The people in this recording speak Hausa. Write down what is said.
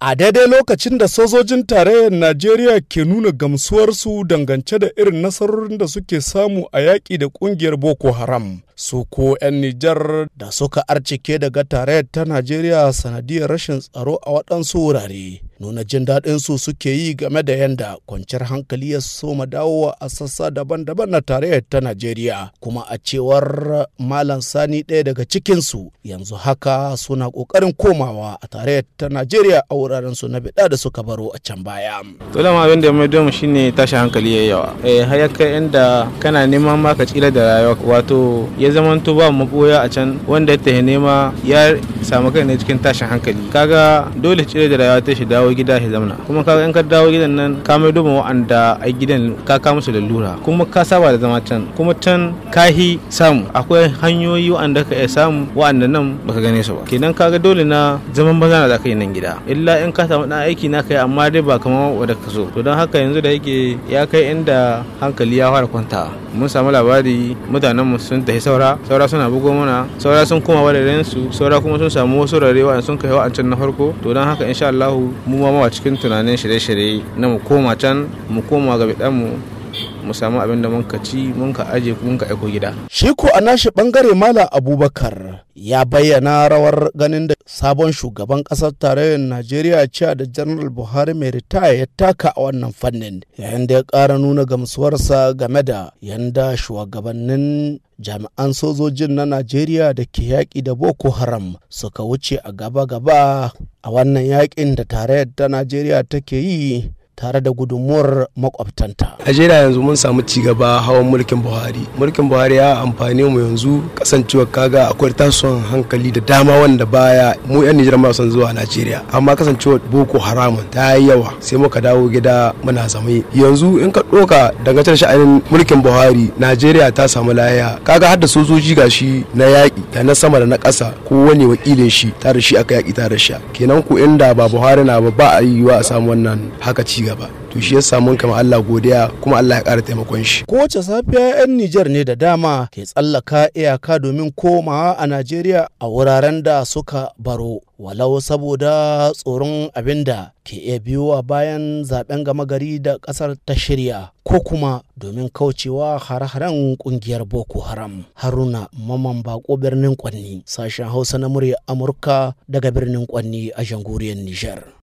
a daidai lokacin da sojojin tarayyar najeriya ke nuna gamsuwarsu dangance da irin nasarorin da suke samu a yaƙi da ƙungiyar boko haram su ko 'yan nijar da suka arcike daga tarayyar ta najeriya sanadiyar rashin tsaro a waɗansu wurare nuna jin daɗin su suke yi game da yanda kwanciyar hankali ya soma dawowa a sassa daban-daban na tarayyar ta Najeriya kuma a cewar Malam Sani ɗaya daga cikin su yanzu haka suna ƙoƙarin komawa a tarayyar ta Najeriya a wuraren su na bida da suka baro a can baya. dole ma abin da mai mu shine tashi hankali ya yawa. Eh har yaka inda kana neman ma ka tsira da rayuwa wato ya zamanto ba maboya a can wanda ya tahi nema ya samu kai ne cikin tashin hankali. Kaga dole tsira da rayuwa ta shi dawo dawo gida ya zamana kuma ka in ka dawo gidan nan ka mai duba wa'anda a gidan ka ka musu lura kuma ka saba da zama can kuma can ka hi samu akwai hanyoyi wa'anda ka iya samu wa'anda nan baka gane su ba kenan ga dole na zaman banza na zaka yi nan gida illa in ka samu dan aiki na kai amma dai ba kamar wanda ka so to don haka yanzu da yake ya kai inda hankali ya fara kwanta mun samu labari mutanen mu sun tafi saura saura suna bugo mana saura sun koma wadaren su saura kuma sun samu wasu rarewa sun kai wa'ancan na farko to don haka insha Allah mu mu ma cikin tunanin shirye-shirye na mu koma can mu koma ga mu mu samu abin da muka ci muka aje muka aiko gida shi a nashi bangare mala abubakar ya bayyana rawar ganin da sabon shugaban kasar tarayyar najeriya cewa da General buhari mai ritaya ya taka a wannan fannin yayin da ya kara nuna gamsuwarsa game da yanda shugabannin jami'an sojojin na najeriya da ke yaƙi da boko haram suka wuce a gaba-gaba a wannan yaƙin da tarayyar ta najeriya take yi tare da gudunmuwar makwabtanta. Najeriya yanzu mun samu cigaba hawan mulkin Buhari. Mulkin Buhari ya amfani mu yanzu kasancewar kaga akwai tasowar hankali da dama wanda baya mu yan Nijar ma son zuwa Najeriya. Amma kasancewar Boko haram ta yi yawa sai muka dawo gida muna zama Yanzu in ka ɗoka dangantar sha'anin mulkin Buhari Najeriya ta samu laya Kaga har da sojoji gashi na yaƙi da na sama da na ƙasa ko kowane wakilin shi tare shi aka yaƙi tare shi. Kenan ku inda ba Buhari na ba ba a yi wa a samu wannan haka ci gaba to shi ya samu kama Allah godiya kuma Allah ya ƙara taimakon shi kowace safiya 'yan Nijar ne da dama ke tsallaka iyaka domin komawa a Najeriya a wuraren da suka baro walau saboda tsoron abin da ke iya biyowa bayan zaben gama gari da ƙasar ta shirya ko kuma domin kaucewa har-haren kungiyar boko haram haruna maman bako birnin kwanni sashen hausa na murya amurka daga birnin kwanni a jamhuriyar nijar